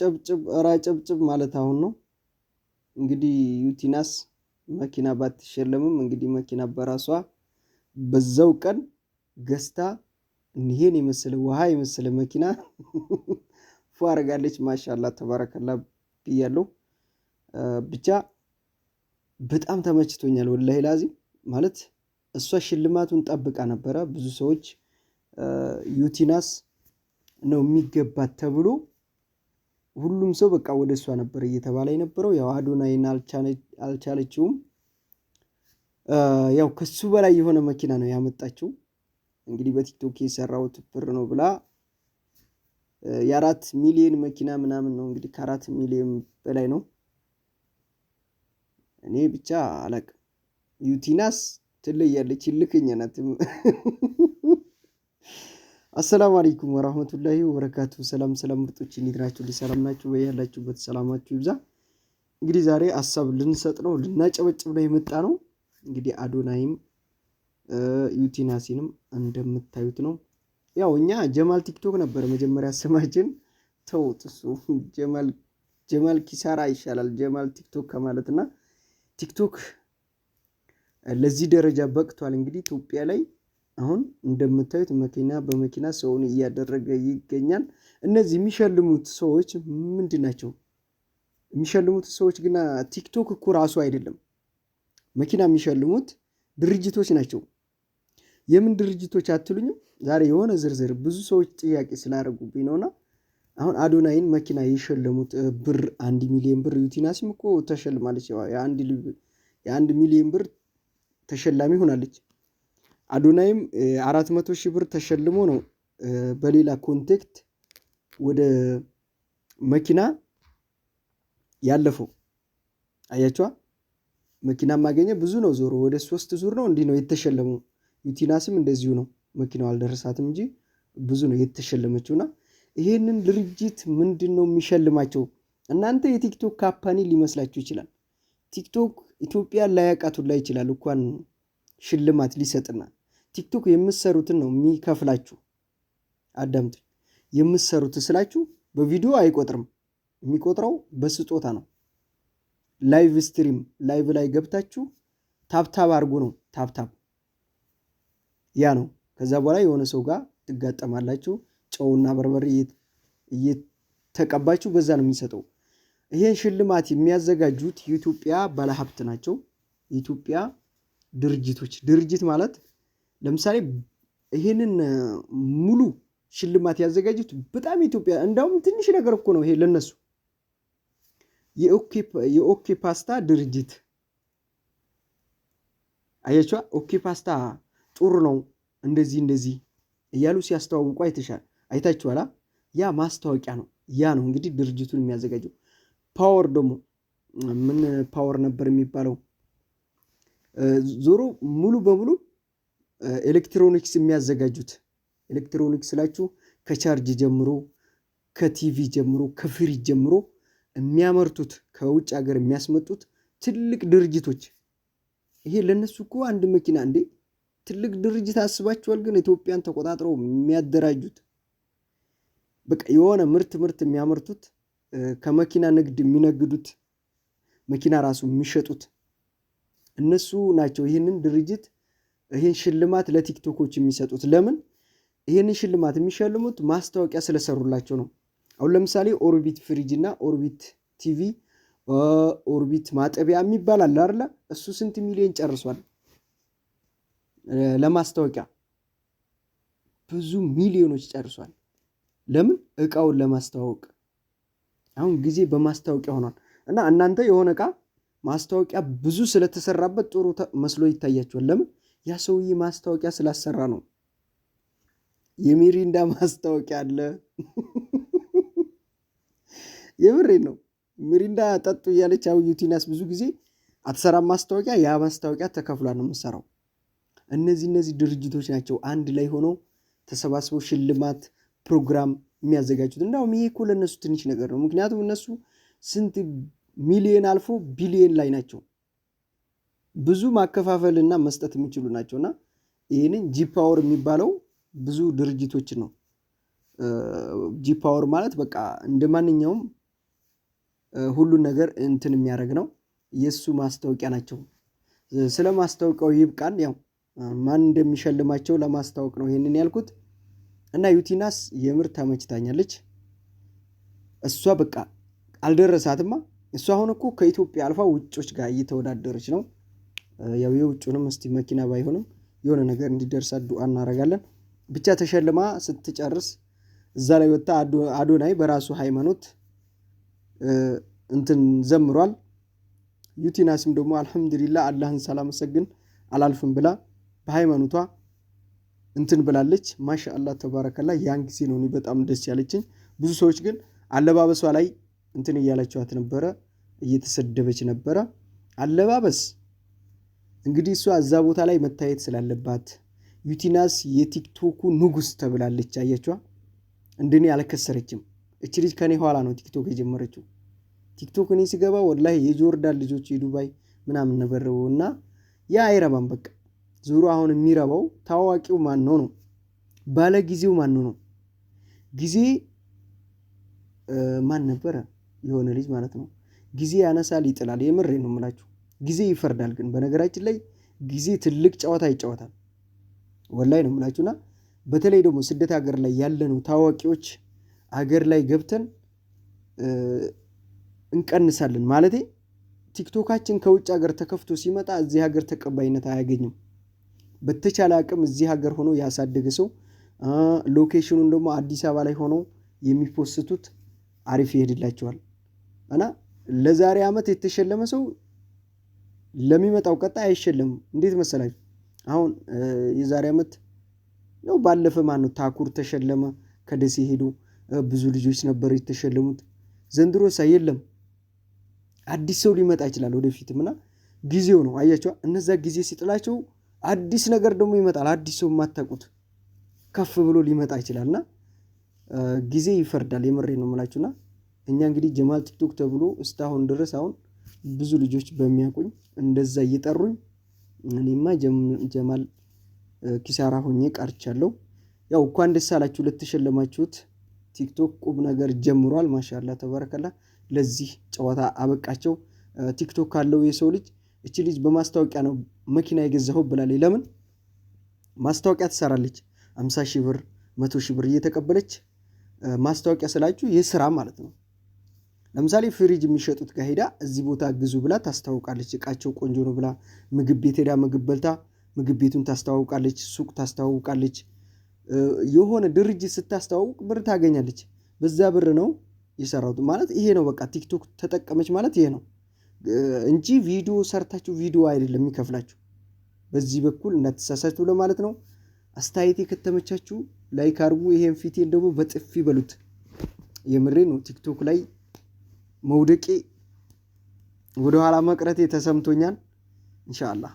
ጨብጭብ ኧረ ማለት አሁን ነው። እንግዲህ ዩቲናስ መኪና ባትሸለምም እንግዲህ መኪና በራሷ በዛው ቀን ገዝታ ይሄን የመሰለ ውሃ የመሰለ መኪና ፎ አድርጋለች። ማሻላ ተባረከላ ብያለሁ። ብቻ በጣም ተመችቶኛል። ወላሂ ላዚም ማለት እሷ ሽልማቱን ጠብቃ ነበረ። ብዙ ሰዎች ዩቲናስ ነው የሚገባት ተብሎ ሁሉም ሰው በቃ ወደ እሷ ነበር እየተባለ የነበረው። ያው አዶናይን አልቻለችውም። ያው ከሱ በላይ የሆነ መኪና ነው ያመጣችው። እንግዲህ በቲክቶክ የሰራሁት ብር ነው ብላ የአራት ሚሊዮን መኪና ምናምን ነው እንግዲህ ከአራት ሚሊዮን በላይ ነው። እኔ ብቻ አላቅም። ዩቲናስ ትለያለች፣ ይልከኛ ናት። አሰላሙ አለይኩም ወራህመቱላሂ ወበረካቱ። ሰላም ሰላም ምርጦች እንዴት ናችሁ? ሊሰላም ናችሁ ወይ? ያላችሁበት ሰላማችሁ ይብዛ። እንግዲህ ዛሬ ሀሳብ ልንሰጥ ነው፣ ልናጨበጭብ ነው የመጣ ነው። እንግዲህ አዶናይም ዩቲናሲንም እንደምታዩት ነው። ያው እኛ ጀማል ቲክቶክ ነበር መጀመሪያ ስማችን። ተውት፣ እሱ ጀማል ጀማል ኪሳራ ይሻላል ጀማል ቲክቶክ ከማለትና ቲክቶክ ለዚህ ደረጃ በቅቷል። እንግዲህ ኢትዮጵያ ላይ አሁን እንደምታዩት መኪና በመኪና ሰውን እያደረገ ይገኛል። እነዚህ የሚሸልሙት ሰዎች ምንድን ናቸው? የሚሸልሙት ሰዎች ግና ቲክቶክ እኮ ራሱ አይደለም መኪና የሚሸልሙት ድርጅቶች ናቸው። የምን ድርጅቶች አትሉኝም? ዛሬ የሆነ ዝርዝር ብዙ ሰዎች ጥያቄ ስላደረጉብኝ ነውና አሁን አዶናይን መኪና የሸለሙት ብር አንድ ሚሊዮን ብር ዩቲናሲም እኮ ተሸልማለች። የአንድ ሚሊዮን ብር ተሸላሚ ሆናለች። አዶናይም አራት መቶ ሺህ ብር ተሸልሞ ነው በሌላ ኮንቴክት ወደ መኪና ያለፈው። አያቸዋ መኪና ማገኘ ብዙ ነው። ዞሮ ወደ ሶስት ዙር ነው እንዲህ ነው የተሸለመው። ዩቲናስም እንደዚሁ ነው። መኪናው አልደረሳትም እንጂ ብዙ ነው የተሸለመችውና ይሄንን ድርጅት ምንድን ነው የሚሸልማቸው? እናንተ የቲክቶክ ካምፓኒ ሊመስላችሁ ይችላል። ቲክቶክ ኢትዮጵያ ላይ ይችላል እንኳን ሽልማት ሊሰጥና ቲክቶክ የምትሰሩትን ነው የሚከፍላችሁ። አዳምጡኝ። የምትሰሩት ስላችሁ በቪዲዮ አይቆጥርም፣ የሚቆጥረው በስጦታ ነው። ላይቭ ስትሪም ላይቭ ላይ ገብታችሁ ታብታብ አርጎ ነው ታብታብ ያ ነው። ከዛ በኋላ የሆነ ሰው ጋር ትጋጠማላችሁ። ጨውና በርበሬ እየተቀባችሁ በዛ ነው የሚሰጠው። ይሄን ሽልማት የሚያዘጋጁት የኢትዮጵያ ባለሀብት ናቸው። የኢትዮጵያ ድርጅቶች ድርጅት ማለት ለምሳሌ ይሄንን ሙሉ ሽልማት ያዘጋጁት በጣም ኢትዮጵያ እንዳውም ትንሽ ነገር እኮ ነው ይሄ ለነሱ የኦኬ ፓስታ ድርጅት አያቸዋ ኦኬ ፓስታ ጡር ነው እንደዚህ እንደዚህ እያሉ ሲያስተዋውቁ አይተሻል አይታችኋላ ያ ማስታወቂያ ነው ያ ነው እንግዲህ ድርጅቱን የሚያዘጋጀው ፓወር ደግሞ ምን ፓወር ነበር የሚባለው ዞሮ ሙሉ በሙሉ ኤሌክትሮኒክስ የሚያዘጋጁት ኤሌክትሮኒክስ ላችሁ ከቻርጅ ጀምሮ ከቲቪ ጀምሮ ከፍሪጅ ጀምሮ የሚያመርቱት ከውጭ ሀገር የሚያስመጡት ትልቅ ድርጅቶች ይሄ ለእነሱ እኮ አንድ መኪና እንዴ ትልቅ ድርጅት አስባችኋል። ግን ኢትዮጵያን ተቆጣጥረው የሚያደራጁት በቃ የሆነ ምርት ምርት የሚያመርቱት ከመኪና ንግድ የሚነግዱት መኪና ራሱ የሚሸጡት እነሱ ናቸው። ይህንን ድርጅት ይህን ሽልማት ለቲክቶኮች የሚሰጡት ለምን? ይህንን ሽልማት የሚሸልሙት ማስታወቂያ ስለሰሩላቸው ነው። አሁን ለምሳሌ ኦርቢት ፍሪጅ እና ኦርቢት ቲቪ፣ ኦርቢት ማጠቢያ የሚባል አለ አይደለ? እሱ ስንት ሚሊዮን ጨርሷል ለማስታወቂያ ብዙ ሚሊዮኖች ጨርሷል። ለምን? እቃውን ለማስተዋወቅ። አሁን ጊዜ በማስታወቂያ ሆኗል እና እናንተ የሆነ እቃ ማስታወቂያ ብዙ ስለተሰራበት ጥሩ መስሎ ይታያችኋል። ለምን? ያ ሰውዬ ማስታወቂያ ስላሰራ ነው። የሚሪንዳ ማስታወቂያ አለ። የምሬ ነው። ሚሪንዳ ጠጡ እያለች ያው ብዙ ጊዜ አትሰራም ማስታወቂያ። ያ ማስታወቂያ ተከፍሏ ነው የምሰራው። እነዚህ እነዚህ ድርጅቶች ናቸው አንድ ላይ ሆነው ተሰባስበው ሽልማት ፕሮግራም የሚያዘጋጁት። እንዳውም ይሄ እኮ ለእነሱ ትንሽ ነገር ነው። ምክንያቱም እነሱ ስንት ሚሊዮን አልፎ ቢሊዮን ላይ ናቸው። ብዙ እና መስጠት የሚችሉ ናቸው እና ይህንን ጂፓወር የሚባለው ብዙ ድርጅቶች ነው። ጂፓወር ማለት በቃ እንደ ማንኛውም ሁሉን ነገር እንትን የሚያደርግ ነው። የእሱ ማስታወቂያ ናቸው። ስለ ማስታወቂያው ይብቃን። ያው ማን እንደሚሸልማቸው ለማስታወቅ ነው ይህንን ያልኩት እና ዩቲናስ የምር ተመችታኛለች። እሷ በቃ አልደረሳትማ። እሷ አሁን እኮ ከኢትዮጵያ አልፋ ውጮች ጋር እየተወዳደረች ነው። ያው የውጩንም እስቲ መኪና ባይሆንም የሆነ ነገር እንዲደርሳት ዱአ እናደርጋለን። ብቻ ተሸልማ ስትጨርስ እዛ ላይ ወጣ አዶናይ በራሱ ሃይማኖት እንትን ዘምሯል። ዩቲናስም ደግሞ አልሐምዱሊላ አላህን ሳላመሰግን አላልፍም ብላ በሃይማኖቷ እንትን ብላለች። ማሻአላ ተባረከላ። ያን ጊዜ ነው በጣም ደስ ያለችኝ። ብዙ ሰዎች ግን አለባበሷ ላይ እንትን እያላቸዋት ነበረ፣ እየተሰደበች ነበረ አለባበስ እንግዲህ እሷ እዛ ቦታ ላይ መታየት ስላለባት ዩቲናስ የቲክቶኩ ንጉስ ተብላለች። አያችዋ፣ እንድኔ አልከሰረችም። እች ልጅ ከኔ ኋላ ነው ቲክቶክ የጀመረችው። ቲክቶክ እኔ ስገባ ወላሂ የጆርዳን ልጆች የዱባይ ምናምን ነበረበው እና ያ አይረባም። በቃ ዙሩ አሁን የሚረባው ታዋቂው ማን ነው ነው ባለ ጊዜው ማን ነው ነው ጊዜ ማን ነበረ የሆነ ልጅ ማለት ነው ጊዜ ያነሳል ይጥላል። የምሬ ነው የምላችሁ ጊዜ ይፈርዳል። ግን በነገራችን ላይ ጊዜ ትልቅ ጨዋታ ይጫወታል። ወላይ ነው የምላችሁና በተለይ ደግሞ ስደት ሀገር ላይ ያለነው ታዋቂዎች አገር ላይ ገብተን እንቀንሳለን። ማለቴ ቲክቶካችን ከውጭ ሀገር ተከፍቶ ሲመጣ እዚህ ሀገር ተቀባይነት አያገኝም። በተቻለ አቅም እዚህ ሀገር ሆኖ ያሳደገ ሰው ሎኬሽኑን ደግሞ አዲስ አበባ ላይ ሆኖ የሚፖስቱት አሪፍ ይሄድላቸዋል እና ለዛሬ ዓመት የተሸለመ ሰው ለሚመጣው ቀጣይ አይሸለምም እንዴት መሰላችሁ? አሁን የዛሬ ዓመት ነው ባለፈ ማን ነው ታኩር ተሸለመ፣ ከደሴ ሄዱ። ብዙ ልጆች ነበር የተሸለሙት። ዘንድሮ የለም አዲስ ሰው ሊመጣ ይችላል ወደፊትም እና ጊዜው ነው አያቸው። እነዛ ጊዜ ሲጥላቸው አዲስ ነገር ደግሞ ይመጣል። አዲስ ሰው የማታውቁት ከፍ ብሎ ሊመጣ ይችላል እና ጊዜ ይፈርዳል። የምሬ ነው የምላችሁና እኛ እንግዲህ ጀማል ቲክቶክ ተብሎ እስካሁን ድረስ አሁን ብዙ ልጆች በሚያውቁኝ እንደዛ እየጠሩኝ እኔማ ጀማል ኪሳራ ሆኜ ቀርቻለሁ። ያው እንኳን ደስ አላችሁ ለተሸለማችሁት። ቲክቶክ ቁም ነገር ጀምሯል። ማሻላ ተባረከላ። ለዚህ ጨዋታ አበቃቸው። ቲክቶክ ካለው የሰው ልጅ እቺ ልጅ በማስታወቂያ ነው መኪና የገዛኸው ብላለች። ለምን ማስታወቂያ ትሰራለች? አምሳ ሺህ ብር መቶ ሺህ ብር እየተቀበለች ማስታወቂያ ስላችሁ የስራ ማለት ነው። ለምሳሌ ፍሪጅ የሚሸጡት ጋር ሄዳ እዚህ ቦታ ግዙ ብላ ታስተዋውቃለች። እቃቸው ቆንጆ ነው ብላ ምግብ ቤት ሄዳ ምግብ በልታ ምግብ ቤቱን ታስተዋውቃለች። ሱቅ ታስተዋውቃለች። የሆነ ድርጅት ስታስተዋውቅ ብር ታገኛለች። በዛ ብር ነው የሰራሁት ማለት ይሄ ነው። በቃ ቲክቶክ ተጠቀመች ማለት ይሄ ነው እንጂ ቪዲዮ ሰርታችሁ ቪዲዮ አይደለም የሚከፍላችሁ። በዚህ በኩል እንዳትሳሳችሁ ለማለት ነው። አስተያየት ከተመቻችሁ ላይክ አድርጉ። ይሄን ፊቴን ደግሞ በጥፊ በሉት። የምሬ ነው ቲክቶክ ላይ መውደቄ ወደኋላ መቅረቴ ተሰምቶኛል። ኢንሻአላህ